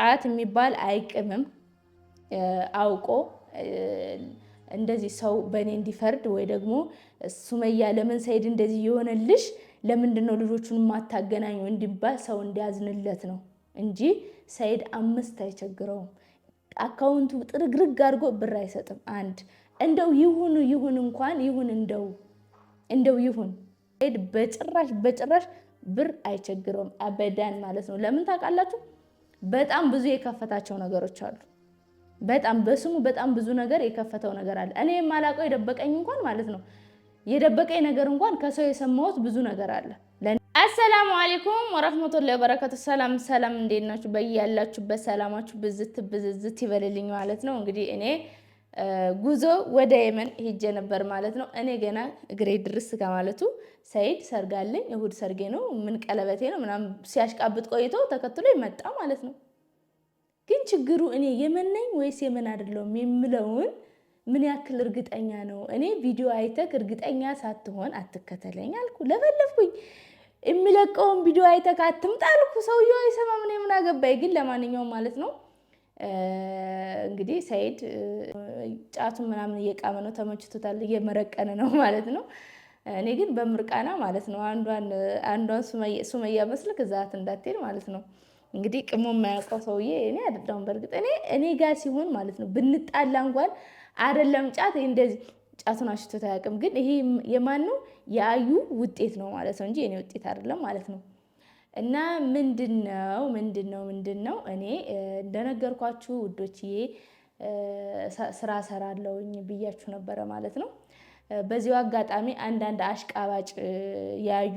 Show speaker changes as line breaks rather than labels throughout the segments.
ጫት የሚባል አይቅምም አውቆ እንደዚህ ሰው በእኔ እንዲፈርድ ወይ ደግሞ ሱመያ ለምን ሰይድ እንደዚህ የሆነልሽ ለምንድን ነው ልጆቹን ማታገናኙ እንዲባል ሰው እንዲያዝንለት ነው እንጂ ሰይድ አምስት አይቸግረውም። አካውንቱ ጥርግርግ አድርጎ ብር አይሰጥም። አንድ እንደው ይሁኑ ይሁን እንኳን ይሁን እንደው እንደው ይሁን ሰይድ በጭራሽ በጭራሽ ብር አይቸግረውም። አበዳን ማለት ነው። ለምን ታውቃላችሁ? በጣም ብዙ የከፈታቸው ነገሮች አሉ። በጣም በስሙ በጣም ብዙ ነገር የከፈተው ነገር አለ። እኔ የማላውቀው የደበቀኝ እንኳን ማለት ነው የደበቀኝ ነገር እንኳን ከሰው የሰማሁት ብዙ ነገር አለ። አሰላሙ አለይኩም ወረህመቱላሂ ወበረካቱ። ሰላም ሰላም፣ እንዴት ናችሁ? በያላችሁበት ሰላማችሁ ብዝት ብዝዝት ይበልልኝ ማለት ነው። እንግዲህ እኔ ጉዞ ወደ የመን ሄጄ ነበር ማለት ነው። እኔ ገና እግሬ ድርስ ከማለቱ ሰይድ ሰርጋለኝ እሁድ ሰርጌ ነው ምን ቀለበቴ ነው ምናምን ሲያሽቃብጥ ቆይቶ ተከትሎ ይመጣ ማለት ነው። ግን ችግሩ እኔ የመን ነኝ ወይስ የመን አይደለሁም የምለውን ምን ያክል እርግጠኛ ነው? እኔ ቪዲዮ አይተክ እርግጠኛ ሳትሆን አትከተለኝ አልኩ፣ ለፈለፍኩኝ የሚለቀውን ቪዲዮ አይተክ አትምጣ አልኩ። ሰውየው አይሰማም፣ እኔ ምን አገባኝ። ግን ለማንኛውም ማለት ነው እንግዲህ ሰይድ ጫቱን ምናምን እየቃመ ነው፣ ተመችቶታል፣ እየመረቀን ነው ማለት ነው። እኔ ግን በምርቃና ማለት ነው አንዷን ሱመያ መስልክ እዛት እንዳትሄድ ማለት ነው። እንግዲህ ቅሞ የማያውቀው ሰውዬ እኔ አይደለሁም። በእርግጥ እኔ እኔ ጋር ሲሆን ማለት ነው ብንጣላ እንኳን አይደለም ጫት እንደዚህ ጫቱን አሽቶት አያውቅም። ግን ይሄ የማን ነው? የአዩ ውጤት ነው ማለት ነው እንጂ እኔ ውጤት አይደለም ማለት ነው። እና ምንድን ነው ምንድን ነው ምንድን ነው እኔ እንደነገርኳችሁ ውዶችዬ ስራ ሰራለውኝ ብያችሁ ነበረ ማለት ነው። በዚሁ አጋጣሚ አንዳንድ አሽቃባጭ ያዩ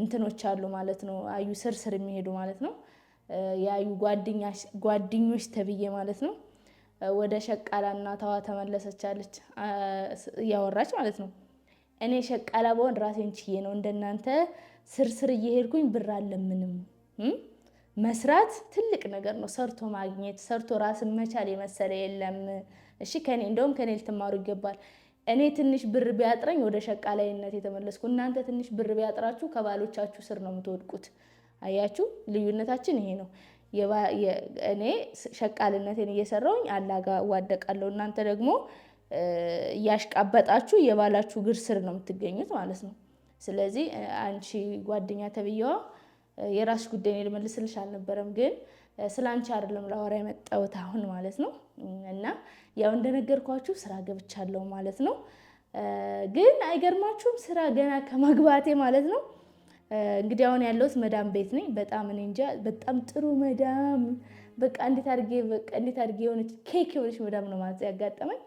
እንትኖች አሉ ማለት ነው። አዩ ስር ስር የሚሄዱ ማለት ነው። ያዩ ጓደኞች ተብዬ ማለት ነው። ወደ ሸቃላና ተዋ ተመለሰቻለች እያወራች ማለት ነው። እኔ ሸቃላ በሆን ራሴን ችዬ ነው እንደናንተ ስርስር እየሄድኩኝ ብር አለምንም። መስራት ትልቅ ነገር ነው። ሰርቶ ማግኘት፣ ሰርቶ ራስን መቻል የመሰለ የለም። እሺ ከኔ እንደውም ከኔ ልትማሩ ይገባል። እኔ ትንሽ ብር ቢያጥረኝ ወደ ሸቃላይነት የተመለስኩ፣ እናንተ ትንሽ ብር ቢያጥራችሁ ከባሎቻችሁ ስር ነው የምትወድቁት። አያችሁ፣ ልዩነታችን ይሄ ነው። እኔ ሸቃልነቴን እየሰራውኝ አላጋ ዋደቃለሁ። እናንተ ደግሞ እያሽቃበጣችሁ የባላችሁ እግር ስር ነው የምትገኙት ማለት ነው። ስለዚህ አንቺ ጓደኛ ተብዬዋ የራስሽ ጉዳይ ልመልስልሽ አልነበረም፣ ግን ስለ አንቺ አይደለም ላወራ የመጣሁት አሁን ማለት ነው። እና ያው እንደነገርኳችሁ ስራ ገብቻለሁ ማለት ነው። ግን አይገርማችሁም? ስራ ገና ከመግባቴ ማለት ነው። እንግዲህ አሁን ያለሁት መዳም ቤት ነኝ። በጣም እኔ እንጃ፣ በጣም ጥሩ መዳም በቃ እንዴት አድርጌ በቃ እንዴት አድርጌ የሆነች ኬክ የሆነች መዳም ነው ማለት ያጋጠመኝ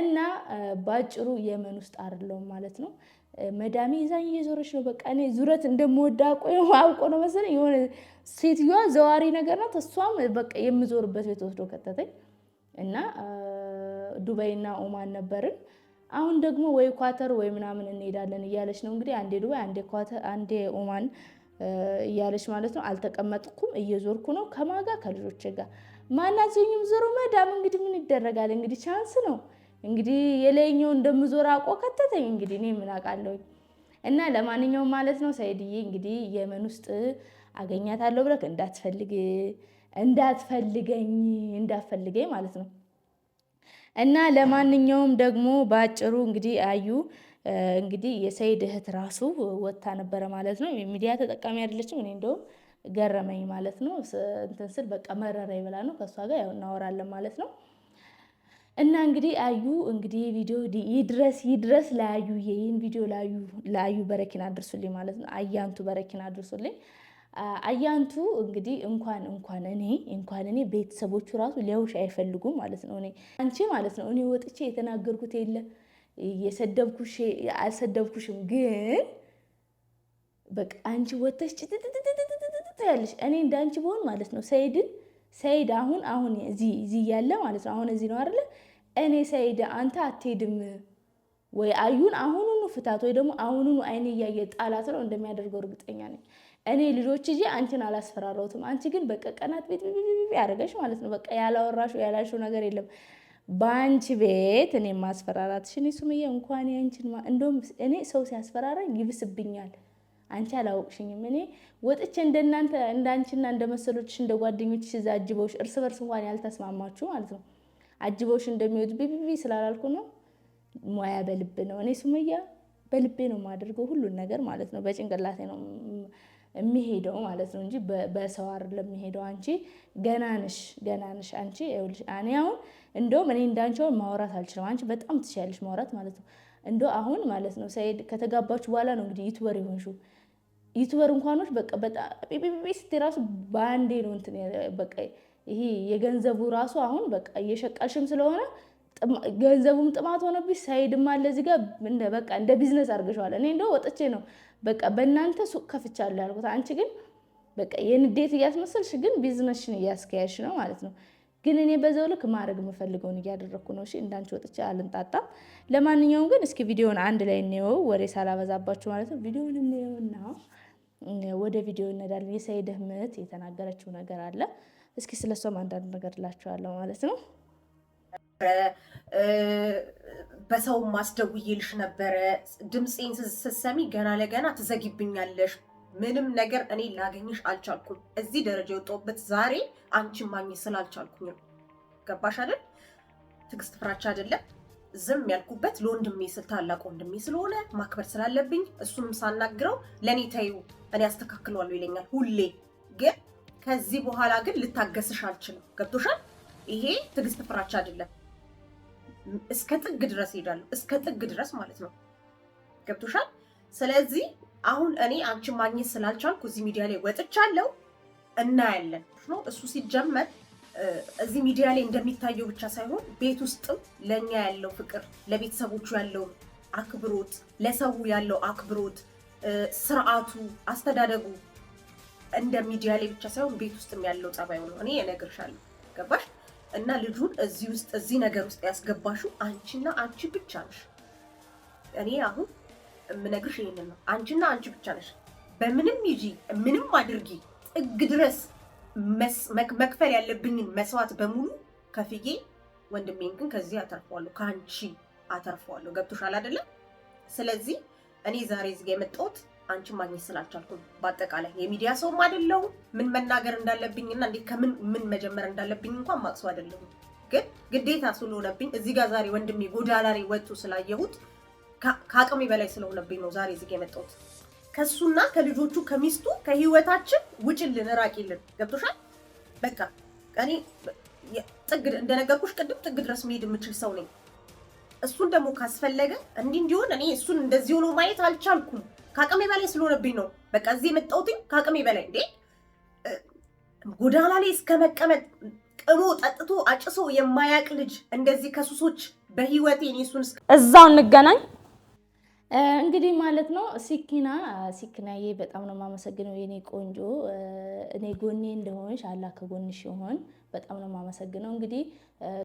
እና በአጭሩ የመን ውስጥ አይደለሁም ማለት ነው። መዳሚ ይዛኝ እየዞረች ነው። በቃ እኔ ዙረት እንደምወዳ አውቆ ነው መሰለኝ የሆነ ሴትዮዋ ዘዋሪ ነገር ናት። እሷም በቃ የምዞርበት ቤት ወስዶ ከተተኝ እና ዱባይና ኦማን ነበርን። አሁን ደግሞ ወይ ኳተር ወይ ምናምን እንሄዳለን እያለች ነው እንግዲህ። አንዴ ዱባይ፣ አንዴ ኳተር፣ አንዴ ኦማን እያለች ማለት ነው። አልተቀመጥኩም፣ እየዞርኩ ነው። ከማጋ ከልጆች ጋር ማናቸውም ዞሮ መዳም እንግዲህ ምን ይደረጋል እንግዲህ ቻንስ ነው እንግዲህ የላይኛው እንደምዞር አውቆ ከተተኝ። እንግዲህ እኔ ምን አውቃለሁ። እና ለማንኛውም ማለት ነው ሰይድዬ እንግዲህ የመን ውስጥ አገኛታለሁ ብለህ እንዳትፈልግ እንዳትፈልገኝ እንዳትፈልገኝ ማለት ነው። እና ለማንኛውም ደግሞ በአጭሩ እንግዲህ አዩ እንግዲህ የሰይድ እህት ራሱ ወጥታ ነበረ ማለት ነው። ሚዲያ ተጠቃሚ አይደለችም። እኔ እንደውም ገረመኝ ማለት ነው። እንትን ስል በቃ መረራ ይበላ ነው። ከእሷ ጋር ያው እናወራለን ማለት ነው። እና እንግዲህ አዩ እንግዲህ ቪዲዮ ይድረስ ይድረስ ለአዩ ይህን ቪዲዮ ለአዩ በረኪና አድርሱልኝ ማለት ነው። አያንቱ በረኪና አድርሱልኝ። አያንቱ እንግዲህ እንኳን እንኳን እኔ እንኳን እኔ ቤተሰቦቹ ራሱ ሊያውሽ አይፈልጉም ማለት ነው። እኔ አንቺ ማለት ነው እኔ ወጥቼ የተናገርኩት የለ የሰደብኩሽ አልሰደብኩሽም፣ ግን በቃ አንቺ ወጥተሽ ጭጥጥጥጥጥጥ ያለሽ እኔ እንዳንቺ በሆን ማለት ነው ሰይድን ሰይድ አሁን አሁን እዚህ እዚህ እያለ ማለት ነው። አሁን እዚህ ነው አይደለ? እኔ ሰይድ አንተ አትሄድም ወይ አዩን አሁኑኑ ፍታት፣ ወይ ደግሞ አሁኑኑ አይኔ እያየ ጣላት ነው እንደሚያደርገው እርግጠኛ ነኝ። እኔ ልጆች እ አንቺን አላስፈራረውትም። አንቺ ግን በቃ ቀናት ቤት ያደረገሽ ማለት ነው። በቃ ያላወራሹ ያላልሽው ነገር የለም በአንቺ ቤት እኔ ማስፈራራትሽን ሱምዬ እንኳን ያንቺን እንደውም እኔ ሰው ሲያስፈራራኝ ይብስብኛል። አንቺ አላወቅሽኝም። እኔ ወጥቼ እንደናንተ እንዳንቺና እንደመሰሎችሽ እንደ ጓደኞችሽ እዛ አጅበውሽ እርስ በርስ እንኳን ያልተስማማችሁ ማለት ነው አጅበውሽ እንደሚወድ ቢቢቢ ስላላልኩ ነው። ሙያ በልብ ነው። እኔ ሱመያ በልቤ ነው የማደርገው ሁሉን ነገር ማለት ነው። በጭንቅላቴ ነው የሚሄደው ማለት ነው እንጂ በሰው አይደለም የሚሄደው። አንቺ ገና ነሽ፣ ገና ነሽ አንቺ። እኔ አሁን እንደውም እኔ እንዳንቸውን ማውራት አልችልም። አንቺ በጣም ትችያለሽ ማውራት ማለት ነው። እንደው አሁን ማለት ነው ሰኢድ ከተጋባችሁ በኋላ ነው እንግዲህ ዩቱበር የሆንሽው ዩቱበር እንኳኖች በቃ በጣም ስት ራሱ በአንዴ ነው እንትን በቃ ይሄ የገንዘቡ ራሱ አሁን በቃ እየሸቀልሽም ስለሆነ ገንዘቡም ጥማት ሆነብሽ፣ ሳይድም አለ እዚህ ጋር በቃ እንደ ቢዝነስ አድርገሽዋል። እኔ እንደው ወጥቼ ነው በቃ በእናንተ ሱቅ ከፍቻለሁ ያልኩት፣ አንቺ ግን በቃ የንዴት እያስመሰልሽ ግን ቢዝነስሽን እያስኪያሽ ነው ማለት ነው። ግን እኔ በዛው ልክ ማድረግ የምፈልገውን እያደረግኩ ነው። እንዳንቺ ወጥቼ አልንጣጣም። ለማንኛውም ግን እስኪ ቪዲዮን አንድ ላይ እንየው፣ ወሬ ሳላበዛባችሁ ማለት ነው። ቪዲዮን እንየውና ወደ ቪዲዮ እንሄዳለን። የሰይድ እህት የተናገረችው ነገር አለ። እስኪ ስለሷም አንዳንድ ነገር እላችኋለሁ ማለት ነው። በሰው ማስደውዬልሽ ነበረ። ድምፄን ስትሰሚ ገና ለገና ትዘጊብኛለሽ። ምንም ነገር እኔ ላገኝሽ አልቻልኩም። እዚህ ደረጃ የወጣሁበት ዛሬ አንቺን ማግኘት ስላልቻልኩኝ። ገባሽ አይደል? ትዕግስት ፍራቻ አይደለም ዝም ያልኩበት ለወንድሜ ስል ታላቅ ወንድሜ ስለሆነ ማክበር ስላለብኝ እሱንም ሳናግረው ለእኔ ተይው እኔ አስተካክለዋለሁ ይለኛል ሁሌ። ግን ከዚህ በኋላ ግን ልታገስሽ አልችልም። ገብቶሻል? ይሄ ትዕግስት ፍራች አይደለም። እስከ ጥግ ድረስ ሄዳለሁ፣ እስከ ጥግ ድረስ ማለት ነው። ገብቶሻል? ስለዚህ አሁን እኔ አንቺን ማግኘት ስላልቻልኩ እዚህ ሚዲያ ላይ ወጥቻለሁ። እናያለን ነው እሱ ሲጀመር እዚህ ሚዲያ ላይ እንደሚታየው ብቻ ሳይሆን ቤት ውስጥም ለእኛ ያለው ፍቅር፣ ለቤተሰቦቹ ያለው አክብሮት፣ ለሰው ያለው አክብሮት፣ ስርዓቱ፣ አስተዳደጉ እንደ ሚዲያ ላይ ብቻ ሳይሆን ቤት ውስጥም ያለው ጸባይ ነው። እኔ እነግርሻለሁ። ገባሽ? እና ልጁን እዚህ ውስጥ እዚህ ነገር ውስጥ ያስገባሹ አንቺና አንቺ ብቻ ነሽ። እኔ አሁን የምነግርሽ ይህንን ነው። አንቺና አንቺ ብቻ ነሽ። በምንም ይጂ ምንም አድርጊ ጥግ ድረስ መክፈል ያለብኝን መስዋዕት በሙሉ ከፍዬ ወንድሜን ግን ከዚህ አተርፈዋለሁ፣ ከአንቺ አተርፈዋለሁ። ገብቶሻል አይደለም? ስለዚህ እኔ ዛሬ እዚህ የመጣሁት አንቺ ማግኘት ስላልቻልኩ በአጠቃላይ የሚዲያ ሰውም አይደለሁም። ምን መናገር እንዳለብኝና እንዴት ከምን ምን መጀመር እንዳለብኝ እንኳን ማቅሱ አይደለሁም። ግን ግዴታ ስለሆነብኝ እዚህ ጋር ዛሬ ወንድሜ ጎዳና ላይ ስላየሁት ከአቅሜ በላይ ስለሆነብኝ ነው ዛሬ እዚህ የመጣሁት። ከሱና ከልጆቹ ከሚስቱ ከህይወታችን ውጭልን፣ ራቂልን። ገብቶሻል? በቃ እኔ ጥግ እንደነገርኩሽ ቅድም ጥግ ድረስ መሄድ የምችል ሰው ነኝ። እሱን ደግሞ ካስፈለገ እንዲህ እንዲሆን እኔ እሱን እንደዚህ ሆኖ ማየት አልቻልኩም። ከአቅሜ በላይ ስለሆነብኝ ነው። በቃ እዚህ የመጣሁትኝ ከአቅሜ በላይ እንዴ ጎዳና ላይ እስከ መቀመጥ ቅሞ ጠጥቶ አጭሶ የማያቅ ልጅ እንደዚህ ከሱሶች በህይወቴ እኔ እሱን እዛው እንገናኝ እንግዲህ ማለት ነው ሲኪና ሲኪናዬ በጣም ነው የማመሰግነው የኔ ቆንጆ፣ እኔ ጎኔ እንደሆንሽ አላ ከጎንሽ ይሆን። በጣም ነው የማመሰግነው። እንግዲህ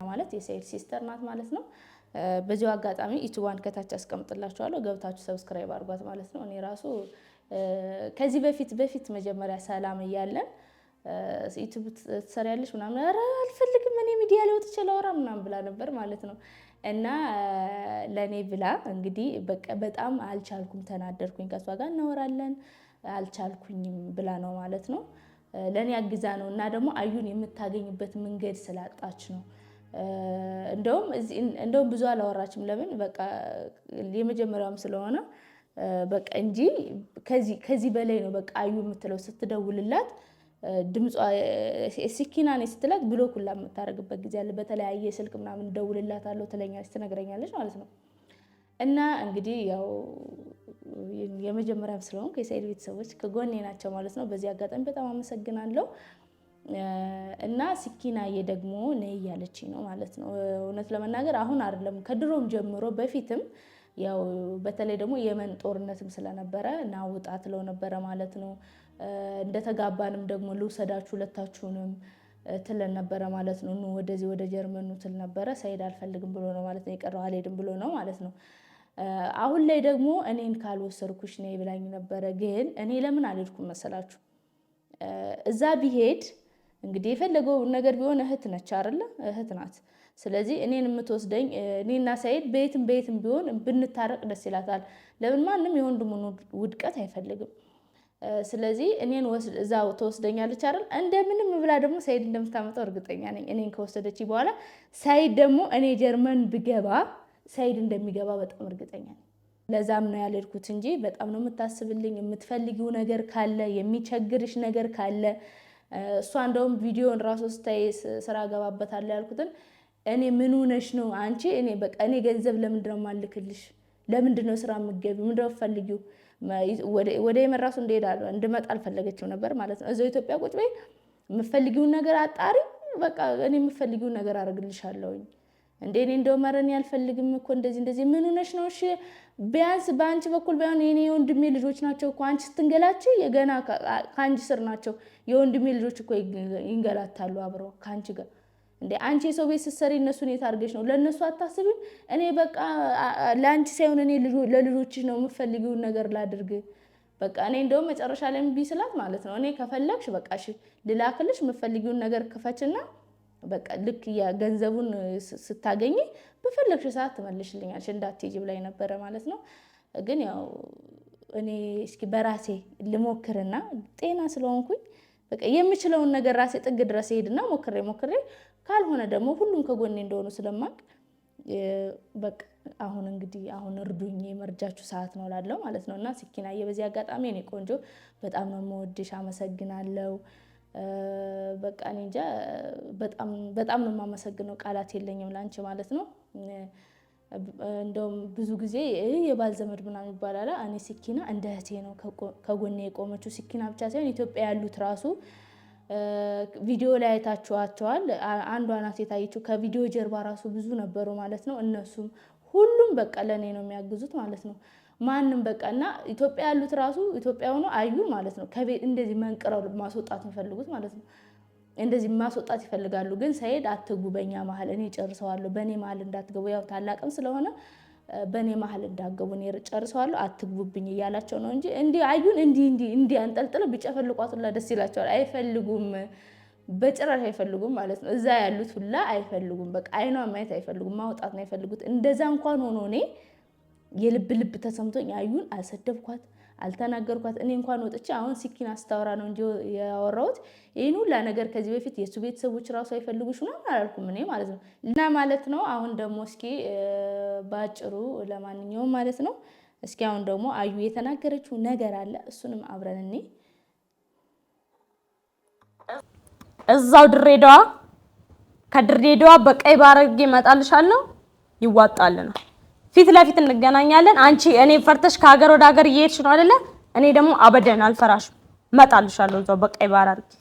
ማለት የሰይድ ሲስተር ናት ማለት ነው። በዚሁ አጋጣሚ ዩቱባን ከታች አስቀምጥላችኋለሁ ገብታችሁ ሰብስክራይብ አድርጓት ማለት ነው። እኔ ራሱ ከዚህ በፊት በፊት መጀመሪያ ሰላም እያለን ዩቱብ ትሰሪያለሽ ምናምን፣ ኧረ አልፈልግም እኔ ሚዲያ ሊወጥ ይችላል ምናምን ብላ ነበር ማለት ነው። እና ለእኔ ብላ እንግዲህ በቃ በጣም አልቻልኩም፣ ተናደርኩኝ ከእሷ ጋር እናወራለን አልቻልኩኝም ብላ ነው ማለት ነው። ለእኔ አግዛ ነው እና ደግሞ አዩን የምታገኝበት መንገድ ስላጣች ነው። እንደውም ብዙ አላወራችም። ለምን በቃ የመጀመሪያውም ስለሆነ በቃ እንጂ ከዚህ በላይ ነው በቃ አዩ የምትለው ስትደውልላት ድምጿ ሲኪናኔ ስትላት ብሎክ ሁላ የምታደርግበት ጊዜ አለ። በተለያየ ስልክ ምናምን እደውልላታለሁ ትለኛለች፣ ትነግረኛለች ማለት ነው። እና እንግዲህ ያው የመጀመሪያም ስለሆንኩ የሰኢድ ቤተሰቦች ከጎኔ ናቸው ማለት ነው። በዚህ አጋጣሚ በጣም አመሰግናለሁ። እና ስኪናዬ ደግሞ ነይ እያለችኝ ነው ማለት ነው። እውነት ለመናገር አሁን አይደለም ከድሮም ጀምሮ በፊትም ያው በተለይ ደግሞ የመን ጦርነትም ስለነበረ እና ትለው ነበረ ማለት ነው። እንደተጋባንም ደግሞ ልውሰዳችሁ ሁለታችሁንም ትለን ነበረ ማለት ነው። ወደዚህ ወደ ጀርመኑ ትል ነበረ። ሰይድ አልፈልግም ብሎ ነው ማለት ነው የቀረው፣ አልሄድም ብሎ ነው ማለት ነው። አሁን ላይ ደግሞ እኔን ካልወሰድኩሽ ነይ ብላኝ ነበረ። ግን እኔ ለምን አልሄድኩም መሰላችሁ? እዛ ቢሄድ እንግዲህ የፈለገው ነገር ቢሆን እህት ነች አይደለ? እህት ናት ስለዚህ እኔን የምትወስደኝ እኔና ሰይድ በየትም በየትም ቢሆን ብንታረቅ ደስ ይላታል። ለምን ማንም የወንድሙን ውድቀት አይፈልግም። ስለዚህ እኔን እዛ ተወስደኛለች አይደል? እንደምንም ብላ ደግሞ ሰኢድ እንደምታመጣው እርግጠኛ ነኝ። እኔን ከወሰደች በኋላ ሰኢድ ደግሞ እኔ ጀርመን ብገባ ሰይድ እንደሚገባ በጣም እርግጠኛ ነኝ። ለዛም ነው ያልሄድኩት እንጂ በጣም ነው የምታስብልኝ። የምትፈልጊው ነገር ካለ፣ የሚቸግርሽ ነገር ካለ እሷ እንደውም ቪዲዮን ራሱ ስታይ ስራ ገባበታለሁ ያልኩትን እኔ ምን ሆነሽ ነው አንቺ? እኔ በቃ እኔ ገንዘብ ለምንድነው ነው የማልክልሽ? ለምንድን ስራ የምትገቢው? ምንድን ነው የምትፈልጊው? ወደ የመን ራሱ እንደሄድ እንድመጣ አልፈለገችም ነበር ማለት ነው። እዛው ኢትዮጵያ ቁጭ በይ፣ የምትፈልጊውን ነገር አጣሪ፣ በቃ እኔ የምትፈልጊውን ነገር አደርግልሻለሁኝ። እንደ እኔ እንደው መረን አልፈልግም እኮ እንደዚህ እንደዚህ። ምን ሆነሽ ነው? እሺ ቢያንስ በአንቺ በኩል ባይሆን የኔ የወንድሜ ልጆች ናቸው እኮ አንቺ ስትንገላች የገና ከአንቺ ስር ናቸው። የወንድሜ ልጆች እኮ ይንገላታሉ አብረው ከአንቺ ጋር እንደ አንቺ የሰው ቤት ስትሰሪ እነሱን የት አድርገሽ ነው? ለእነሱ አታስብም? እኔ በቃ ለአንቺ ሳይሆን እኔ ለልጆችሽ ነው የምፈልጊውን ነገር ላድርግ። በቃ እኔ እንደውም መጨረሻ ላይ እምቢ ስላት ማለት ነው እኔ ከፈለግሽ በቃ እሺ ልላክልሽ የምፈልጊውን ነገር ክፈችና በቃ ልክ ገንዘቡን ስታገኝ በፈለግሽ ሰዓት ትመልሽልኛለሽ እንዳትሄጂ ብላኝ ነበረ ማለት ነው። ግን ያው እኔ እስኪ በራሴ ልሞክርና ጤና ስለሆንኩኝ በቃ የምችለውን ነገር ራሴ ጥግ ድረስ ሄድና ሞክሬ ሞክሬ ካልሆነ ደግሞ ሁሉም ከጎኔ እንደሆኑ ስለማቅ በቃ አሁን እንግዲህ አሁን እርዱኝ መርጃችሁ ሰዓት ነው ላለው ማለት ነው። እና ሲኪናዬ በዚህ አጋጣሚ እኔ ቆንጆ በጣም ነው የምወድሽ፣ አመሰግናለው። በቃ እኔ እንጃ በጣም ነው የማመሰግነው፣ ቃላት የለኝም ላንቺ ማለት ነው። እንደውም ብዙ ጊዜ የባል ዘመድ ምናምን ይባላል። እኔ ሲኪና እንደ እህቴ ነው ከጎኔ የቆመችው። ሲኪና ብቻ ሳይሆን ኢትዮጵያ ያሉት ራሱ ቪዲዮ ላይ አይታችኋቸዋል። አንዷ ናት የታየችው። ከቪዲዮ ጀርባ ራሱ ብዙ ነበሩ ማለት ነው። እነሱም ሁሉም በቃ ለእኔ ነው የሚያግዙት ማለት ነው። ማንም በቃ እና ኢትዮጵያ ያሉት ራሱ ኢትዮጵያ ሆኖ አዩ ማለት ነው። ከቤት እንደዚህ መንቅረው ማስወጣት የሚፈልጉት ማለት ነው። እንደዚህ ማስወጣት ይፈልጋሉ። ግን ሰይድ አትግቡ፣ በእኛ መሀል እኔ ጨርሰዋለሁ፣ በእኔ መሀል እንዳትገቡ። ያው ታላቅም ስለሆነ በእኔ መሀል እንዳገቡ እኔ ጨርሰዋለሁ አትግቡብኝ እያላቸው ነው እንጂ እንዲህ አዩን እንዲህ እንዲህ እንዲህ አንጠልጥለው ቢጨፈልቋት ሁላ ደስ ይላቸዋል። አይፈልጉም፣ በጭራሽ አይፈልጉም ማለት ነው። እዛ ያሉት ሁላ አይፈልጉም። በቃ አይኗ ማየት አይፈልጉም፣ ማውጣት ነው አይፈልጉት። እንደዛ እንኳን ሆኖ እኔ የልብ ልብ ተሰምቶኝ አዩን አልሰደብኳት አልተናገርኳት። እኔ እንኳን ወጥቼ አሁን ሲኪን አስታወራ ነው እንጂ ያወራሁት ይህን ሁላ ነገር ከዚህ በፊት የእሱ ቤተሰቦች ራሱ አይፈልጉሽ ምናምን አላልኩም እኔ ማለት ነው። እና ማለት ነው አሁን ደግሞ እስኪ ባጭሩ ለማንኛውም ማለት ነው እስኪ አሁን ደግሞ አዩ የተናገረችው ነገር አለ እሱንም አብረን እኔ እዛው ድሬዳዋ ከድሬዳዋ በቀይ ባረግ ይመጣልሻል ነው ይዋጣል ነው ፊት ለፊት እንገናኛለን። አንቺ እኔ ፈርተሽ ከሀገር ወደ ሀገር እየሄድሽ ነው አይደለ? እኔ ደግሞ አበደን አልፈራሽም፣ እመጣልሻለሁ እዛው በቃ ባህር አድርጊ።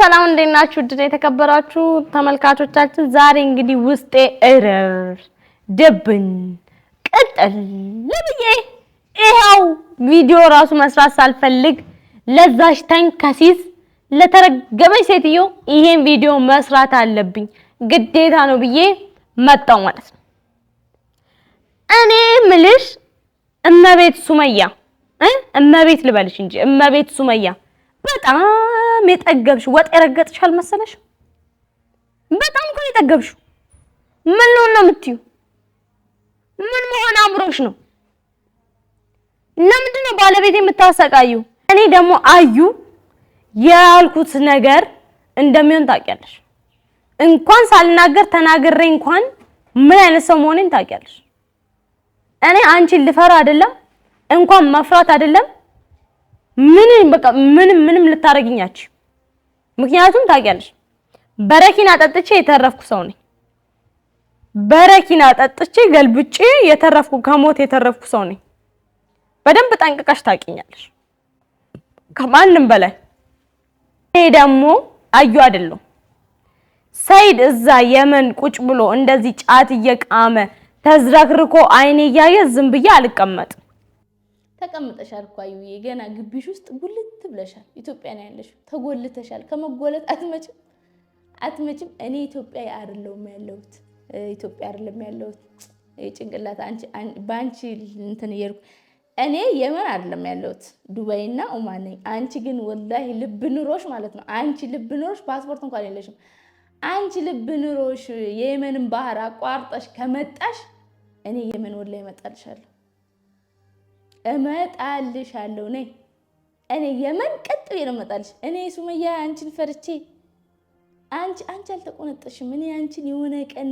ሰላም እንዴት ናችሁ? ድድ የተከበራችሁ ተመልካቾቻችን፣ ዛሬ እንግዲህ ውስጤ እርር ድብን ቅጥል ለብዬ ይኸው ቪዲዮ ራሱ መስራት ሳልፈልግ ለዛሽ ተንከሲስ ለተረገመች ሴትዮ ይሄን ቪዲዮ መስራት አለብኝ ግዴታ ነው ብዬ መጣው ማለት ነው። እኔ ምልሽ እመቤት ሱመያ እመቤት ልበልሽ እንጂ እመቤት ሱመያ በጣም የጠገብሽ ወጥ የረገጥሽ አልመሰለሽ? በጣም እኮ የጠገብሽ። ምን ልሆን ነው የምትዩ? ምን መሆን አምሮሽ ነው? ለምንድን ነው ባለቤት የምታሰቃዩ? እኔ ደግሞ አዩ ያልኩት ነገር እንደሚሆን ታውቂያለሽ። እንኳን ሳልናገር ተናግሬ እንኳን ምን አይነት ሰው መሆኔን ታውቂያለሽ። እኔ አንቺን ልፈራ አይደለም እንኳን መፍራት አይደለም ምንም በቃ ምንም ምንም ልታረግኛችሁ። ምክንያቱም ታውቂያለሽ በረኪና ጠጥቼ የተረፍኩ ሰው ነኝ። በረኪና ጠጥቼ ገልብጬ የተረፍኩ ከሞት የተረፍኩ ሰው ነኝ። በደንብ ጠንቅቀሽ ታውቂኛለሽ ከማንም በላይ። እኔ ደግሞ አዩ አይደለሁም ሰይድ እዛ የመን ቁጭ ብሎ እንደዚህ ጫት እየቃመ ተዝረክርኮ አይኔ እያየ ዝም ብዬ አልቀመጥ። ተቀምጠሻል እኮ አዩዬ፣ ገና ግቢሽ ውስጥ ጉልት ብለሻል። ኢትዮጵያ ነው ያለሽ፣ ተጎልተሻል። ከመጎለት አትመጭም፣ አትመጭም። እኔ ኢትዮጵያ አይደለሁም ያለሁት፣ ኢትዮጵያ አይደለም ያለሁት። ጭንቅላት በአንቺ እንትን እየሄድኩ እኔ የመን አይደለም ያለሁት፣ ዱባይና ኦማን ነኝ። አንቺ ግን ወላሂ ልብ ኑሮሽ ማለት ነው። አንቺ ልብ ኑሮሽ ፓስፖርት እንኳን የለሽም። አንቺ ልብ ኑሮሽ የየመንን ባህር አቋርጠሽ ከመጣሽ እኔ የመን ወላ እመጣልሻለሁ፣ እመጣልሻለሁ። ነይ እኔ የመን ቀጥ ብዬ ነው እመጣልሽ። እኔ ሱመያ አንቺን ፈርቼ አንቺ አንቺ አልተቆነጠሽም። እኔ አንቺን የሆነ ቀን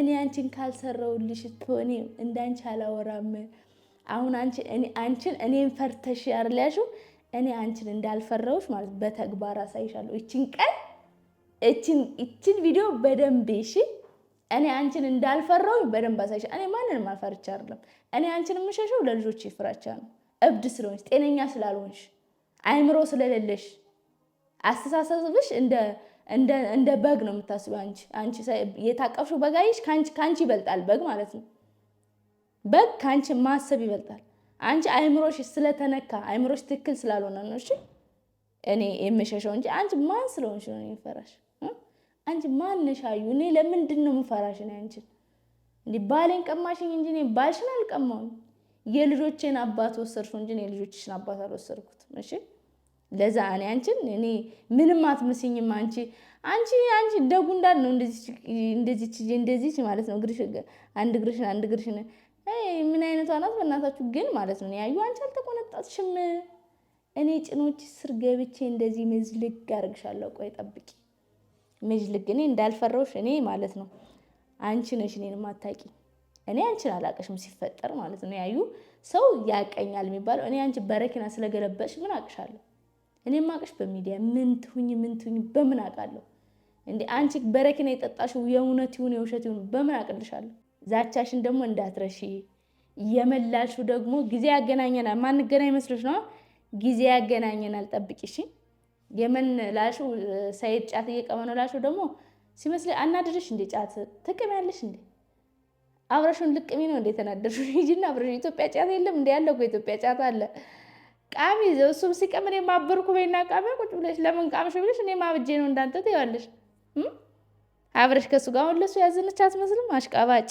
እኔ አንቺን ካልሰራውልሽ እኔ እንዳንቺ አላወራም። አሁን አንቺ እኔ አንቺን እኔን ፈርተሽ ያርለሽው እኔ አንቺን እንዳልፈረውች ማለት በተግባር አሳይሻለሁ። ይችን ቀን እችን ቪዲዮ በደንብ እሺ፣ እኔ አንቺን እንዳልፈራው በደንብ አሳይሽ። እኔ ማንንም አልፈርቻ አይደለም። እኔ አንቺን የምሸሸው ለልጆች ይፍራቻ ነው። እብድ ስለሆንሽ፣ ጤነኛ ስላልሆንሽ፣ አይምሮ ስለሌለሽ፣ አስተሳሰብሽ እንደ እንደ እንደ በግ ነው የምታስቢው። አንቺ አንቺ የታቀፍሽው በጋይሽ ካንቺ ካንቺ ይበልጣል በግ ማለት ነው። በግ ካንቺ ማሰብ ይበልጣል። አንቺ አይምሮሽ ስለተነካ አይምሮሽ ትክክል ስላልሆነ ነው እሺ እኔ የምሸሸው እንጂ አንቺ ማን ስለሆንሽ ነው የሚፈራሽ? አንቺ ማነሽ አዩ? እኔ ለምንድን ነው የምፈራሽ? ነው አንቺን እንዴ ባሌን ቀማሽኝ እንጂ እኔ ባልሽን አልቀማውኝ። የልጆቼን አባት ወሰድሽው እንጂ እኔ የልጆችሽን አባት አልወሰድኩትም። እሺ ለዛ እኔ አንቺን እኔ ምንም አትመስኝም። አንቺ አንቺ አንቺ ደጉ እንዳል ነው እንደዚህ እንደዚህ ማለት ነው። እግርሽ አንድ እግርሽን አንድ እግርሽን ምን አይነቷ ናት በእናታችሁ ግን ማለት ነው። ያዩ አንቺ አልተቆነጣትሽም። እኔ ጭኖች ስር ገብቼ እንደዚህ መዝልግ አድርግሻለሁ። ቆይ ጠብቂ ምጅልግ እኔ እንዳልፈራሁሽ እኔ ማለት ነው አንቺ ነሽ እኔን ማታቂ እኔ አንቺን አላቀሽም ሲፈጠር ማለት ነው። ያዩ ሰው ያቀኛል የሚባለው እኔ አንቺ በረኪና ስለገለበጥሽ ምን አቅሻለሁ? እኔ ማቅሽ በሚዲያ ምን ትሁኝ ምን ትሁኝ በምን አውቃለሁ? እንደ አንቺ በረኪና የጠጣሽው የእውነት ይሁን የውሸት ይሁን በምን አቅልሻለሁ? ዛቻሽን ደግሞ እንዳትረሺ የመላልሽው ደግሞ ጊዜ ያገናኘናል። ማንገናኝ መስሎሽ ነው? ጊዜ ያገናኘናል። ጠብቂሽ የመን ላሹ ሰይድ ጫት እየቀመ ነው። ላሹ ደግሞ ሲመስል አናድርሽ እንዴ? ጫት ትቅሚያለሽ እንዴ? አብረሹን ልቅሚ ነው እንዴ? ተናደርሹ ሂጂና አብረሹ። ኢትዮጵያ ጫት የለም እንዴ? ያለ እኮ ኢትዮጵያ ጫት አለ። ቃሚ እሱም ሲቀም እኔ ማበርኩ በይና ቃሚ ቁጭ ብለሽ ለምን ቃምሽ ብለሽ እኔ ማብጄ ነው እንዳንተ ትይዋለሽ። አብረሽ ከሱ ጋር አሁን ለሱ ያዘነች አትመስልም? አሽቃባጭ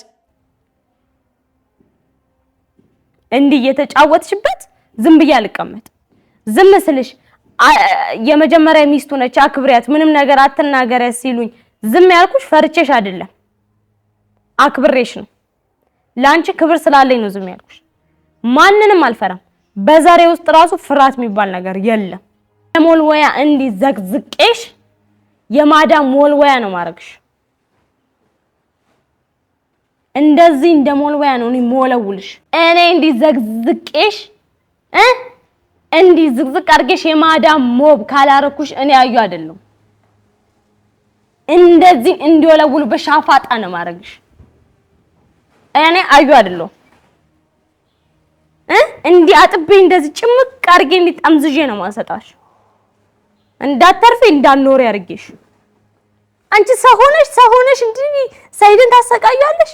እንዲህ እየተጫወትሽበት ዝም ብዬ አልቀመጥ ዝም ስልሽ የመጀመሪያ ሚስቱ ነች፣ አክብሪያት፣ ምንም ነገር አትናገሪያት ሲሉኝ ዝም ያልኩሽ ፈርቼሽ አይደለም አክብሬሽ ነው። ለአንቺ ክብር ስላለኝ ነው ዝም ያልኩሽ። ማንንም አልፈራም። በዛሬ ውስጥ ራሱ ፍርሃት የሚባል ነገር የለም። የሞልወያ እንዲህ ዘቅዝቄሽ የማዳም ሞልወያ ነው ማድረግሽ። እንደዚህ እንደ ሞልወያ ነው እኔ ሞለውልሽ። እኔ እንዲህ ዘቅዝቄሽ እ እንዲህ ዝቅዝቅ አድርገሽ የማዳም ሞብ ካላረኩሽ እኔ አዩ አይደለም እንደዚህ እንዲወለውሉ በሻፋጣ ነው ማረግሽ። እኔ አዩ አይደለም እ እንዲህ አጥቤ እንደዚህ ጭምቅ አድርጌ እንዲህ ጠምዝዤ ነው ማሰጣሽ። እንዳተርፌ እንዳኖር ያርጌሽ። አንቺ ሰው ሆነሽ ሰው ሆነሽ እንዲህ ሰይድን ታሰቃያለሽ።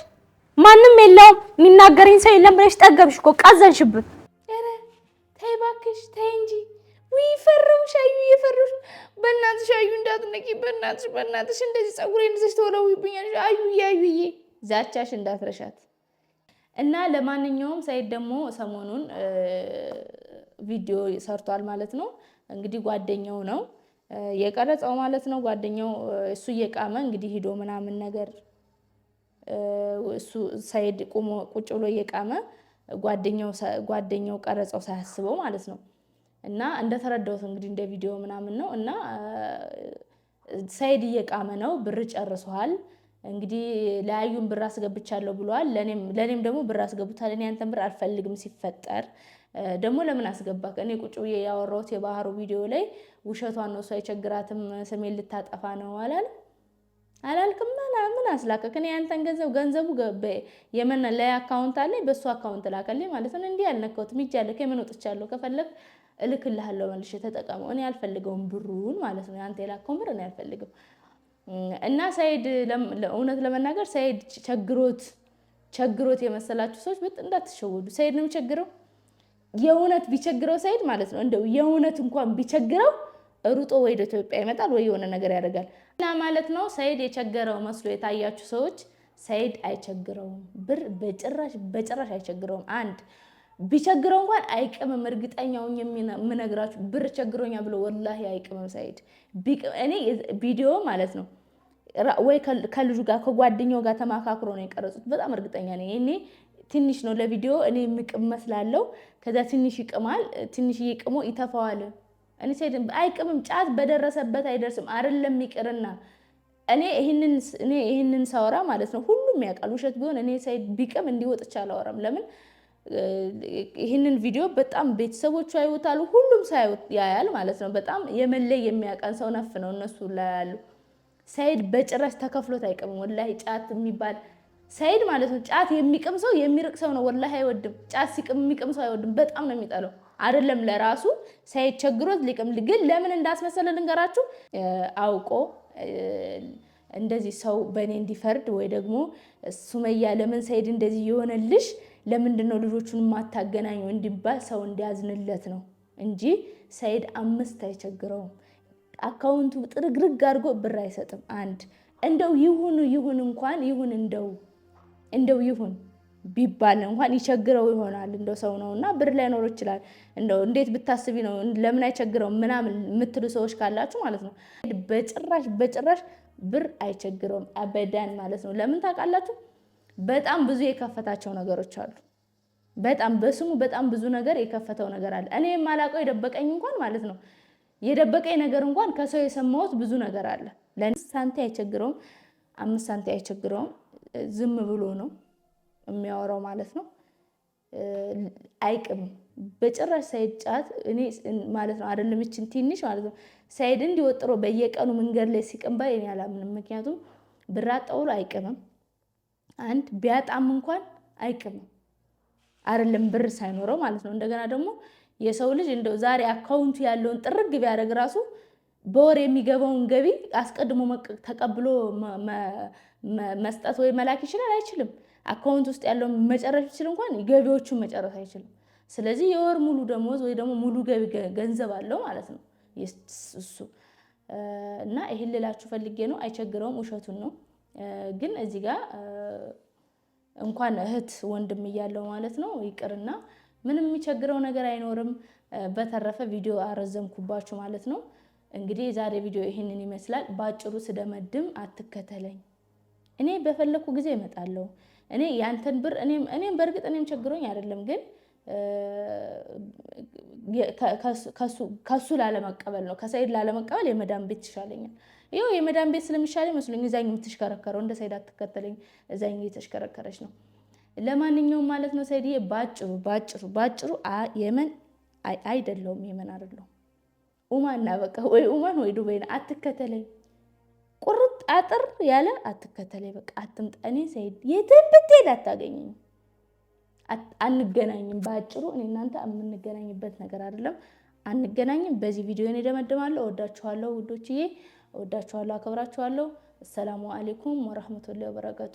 ማንም የለውም የሚናገረኝ ሰው የለም ብለሽ ጠገብሽ እኮ ቀዘንሽብን። ተይ እባክሽ ተይ እንጂ ውይ ፈረውሽ አዩ እየፈረውሽ በእናትሽ አዩ እንዳትነቂ በእናትሽ በእናትሽ እንደዚህ ፀጉሬ እንደዚህ ተወለውብኛል አዩ አዩዬ ዛቻሽ እንዳትረሻት እና ለማንኛውም ሳይድ ደግሞ ሰሞኑን ቪዲዮ ሰርቷል ማለት ነው እንግዲህ ጓደኛው ነው የቀረጸው ማለት ነው ጓደኛው እሱ እየቃመ እንግዲህ ሂዶ ምናምን ነገር እሱ ሳይድ ቁሞ ቁጭ ብሎ እየቃመ ጓደኛው ቀረጸው ሳያስበው ማለት ነው። እና እንደተረዳሁት እንግዲህ እንደ ቪዲዮ ምናምን ነው እና ሰይድ እየቃመ ነው። ብር ጨርሰዋል እንግዲህ ለያዩን ብር አስገብቻለሁ ብለዋል። ለእኔም ደግሞ ብር አስገቡታል። እኔ ያንተን ብር አልፈልግም። ሲፈጠር ደግሞ ለምን አስገባ? እኔ ቁጭ ብዬ ያወራሁት የባህሩ ቪዲዮ ላይ ውሸቷን ነው፣ እሷ አይቸግራትም፣ ስሜን ልታጠፋ ነው አላለም አላልክም ምን አስላከክ እኔ ያንተን ገንዘብ ገንዘቡ የመን ላይ አካውንት አለኝ በእሱ አካውንት ላከልኝ ማለት ነው። እንዲህ ያልነካሁት ምጅ ያለ ከምን ወጥቻለሁ። ከፈለግ እልክልሃለሁ መልሼ ተጠቀመው። እኔ አልፈልገውም ብሩን ማለት ነው። አንተ የላከውን ብር እኔ አልፈልግም። እና ሰይድ እውነት ለመናገር ሰይድ ቸግሮት ቸግሮት የመሰላችሁ ሰዎች በጥ እንዳትሸወዱ። ሰይድ ነው የሚቸግረው። የእውነት ቢቸግረው ሰይድ ማለት ነው እንደው የእውነት እንኳን ቢቸግረው ሩጦ ወይ ወደ ኢትዮጵያ ይመጣል ወይ የሆነ ነገር ያደርጋል። ማለት ነው። ሰይድ የቸገረው መስሎ የታያችሁ ሰዎች ሰይድ አይቸግረውም። ብር በጭራሽ በጭራሽ አይቸግረውም። አንድ ቢቸግረው እንኳን አይቅምም። እርግጠኛው የምነግራችሁ ብር ቸግሮኛ ብሎ ወላሂ አይቅምም ሰይድ። እኔ ቪዲዮ ማለት ነው ወይ ከልጁ ጋር ከጓደኛው ጋር ተማካክሮ ነው የቀረጹት። በጣም እርግጠኛ ነኝ እኔ ትንሽ ነው ለቪዲዮ እኔ ምቅም መስላለው። ከዛ ትንሽ ይቅማል። ትንሽ ይቅሞ ይተፋዋል። እኔ ሴት አይቅምም፣ ጫት በደረሰበት አይደርስም። አይደለም ይቅርና እኔ ይህንን እኔ ይህንን ሳወራ ማለት ነው ሁሉም ያውቃል። ውሸት ቢሆን እኔ ሳይድ ቢቅም እንዲወጥቻ አላወራም። ለምን ይህንን ቪዲዮ በጣም ቤተሰቦቹ ያዩታሉ፣ ሁሉም ሳይወት ያያል ማለት ነው። በጣም የመለይ የሚያውቀን ሰው ነፍ ነው እነሱ ላይ ያሉ ሳይድ በጭራሽ ተከፍሎት አይቅምም። ወላሂ ጫት የሚባል ሳይድ ማለት ነው ጫት የሚቅም ሰው የሚርቅ ሰው ነው። ወላሂ አይወድም ጫት ሲቅም የሚቅም ሰው አይወድም። በጣም ነው የሚጠለው አይደለም ለራሱ ሳይቸግሮት ሊቅም ግን ለምን እንዳስመሰለ ልንገራችሁ። አውቆ እንደዚህ ሰው በእኔ እንዲፈርድ ወይ ደግሞ ሱመያ ለምን ሰይድ እንደዚህ የሆነልሽ ለምንድን ነው ልጆቹን ማታገናኘው እንዲባል ሰው እንዲያዝንለት ነው እንጂ ሰይድ አምስት አይቸግረውም። አካውንቱ ጥርግርግ አድርጎ ብር አይሰጥም። አንድ እንደው ይሁኑ ይሁን እንኳን ይሁን እንደው እንደው ይሁን ቢባል እንኳን ይቸግረው ይሆናል እንደው ሰው ነው እና ብር ላይኖር ይችላል። እንደው እንዴት ብታስቢ ነው ለምን አይቸግረው ምናምን የምትሉ ሰዎች ካላችሁ ማለት ነው በጭራሽ በጭራሽ ብር አይቸግረውም አበዳን ማለት ነው። ለምን ታውቃላችሁ? በጣም ብዙ የከፈታቸው ነገሮች አሉ። በጣም በስሙ በጣም ብዙ ነገር የከፈተው ነገር አለ። እኔ የማላውቀው የደበቀኝ እንኳን ማለት ነው የደበቀኝ ነገር እንኳን ከሰው የሰማሁት ብዙ ነገር አለ። ለእኔ ሳንቲ አይቸግረውም፣ አምስት ሳንቲ አይቸግረውም። ዝም ብሎ ነው የሚያወራው ማለት ነው። አይቅም በጭራሽ ሳይድ ጫት እኔ ማለት ነው አይደለም ይችን ትንሽ ማለት ነው ሳይድ እንዲወጥሮ በየቀኑ መንገድ ላይ ሲቅም ባይ እኔ አላምንም። ምክንያቱም ብራጥ ጠውሎ አይቅምም። አንድ ቢያጣም እንኳን አይቅምም አይደለም ብር ሳይኖረው ማለት ነው። እንደገና ደግሞ የሰው ልጅ እንደው ዛሬ አካውንቱ ያለውን ጥርግ ቢያደርግ ራሱ በወር የሚገባውን ገቢ አስቀድሞ ተቀብሎ መስጠት ወይ መላክ ይችላል? አይችልም። አካውንት ውስጥ ያለውን መጨረስ ቢችል እንኳን ገቢዎቹን መጨረስ አይችልም። ስለዚህ የወር ሙሉ ደሞዝ ወይ ደግሞ ሙሉ ገቢ ገንዘብ አለው ማለት ነው እሱ እና ይህን ልላችሁ ፈልጌ ነው። አይቸግረውም፣ ውሸቱን ነው። ግን እዚህ ጋር እንኳን እህት ወንድም እያለው ማለት ነው ይቅርና ምንም የሚቸግረው ነገር አይኖርም። በተረፈ ቪዲዮ አረዘምኩባችሁ ማለት ነው። እንግዲህ የዛሬ ቪዲዮ ይህንን ይመስላል። በአጭሩ ስደመድም አትከተለኝ፣ እኔ በፈለግኩ ጊዜ እመጣለሁ እኔ ያንተን ብር እኔም በእርግጥ እኔም ቸግሮኝ አይደለም፣ ግን ከሱ ላለመቀበል ነው ከሰይድ ላለመቀበል የመዳን ቤት ይሻለኛል። ይኸው የመዳን ቤት ስለሚሻለኝ መስሎኝ እዛኝ የምትሽከረከረው እንደ ሰይድ አትከተለኝ፣ እዛኝ እየተሽከረከረች ነው። ለማንኛውም ማለት ነው ሰይድዬ፣ ባጭሩ ባጭሩ ባጭሩ የመን አይደለውም የመን አይደለሁም። ኡማን ናበቃ ወይ ኡማን ወይ ዱባይን አትከተለኝ። አጥር ያለ አትከተለኝ፣ በቃ አትምጣ። እኔ ሰኢድ የትም ብትሄድ አታገኘኝ፣ አንገናኝም። በአጭሩ እኔ እናንተ የምንገናኝበት ነገር አይደለም፣ አንገናኝም። በዚህ ቪዲዮ እኔ ደመድማለሁ። እወዳችኋለሁ ውዶችዬ፣ እወዳችኋለሁ፣ አከብራችኋለሁ። አሰላሙ አሌይኩም ወረህመቱላሂ ወበረከቱ።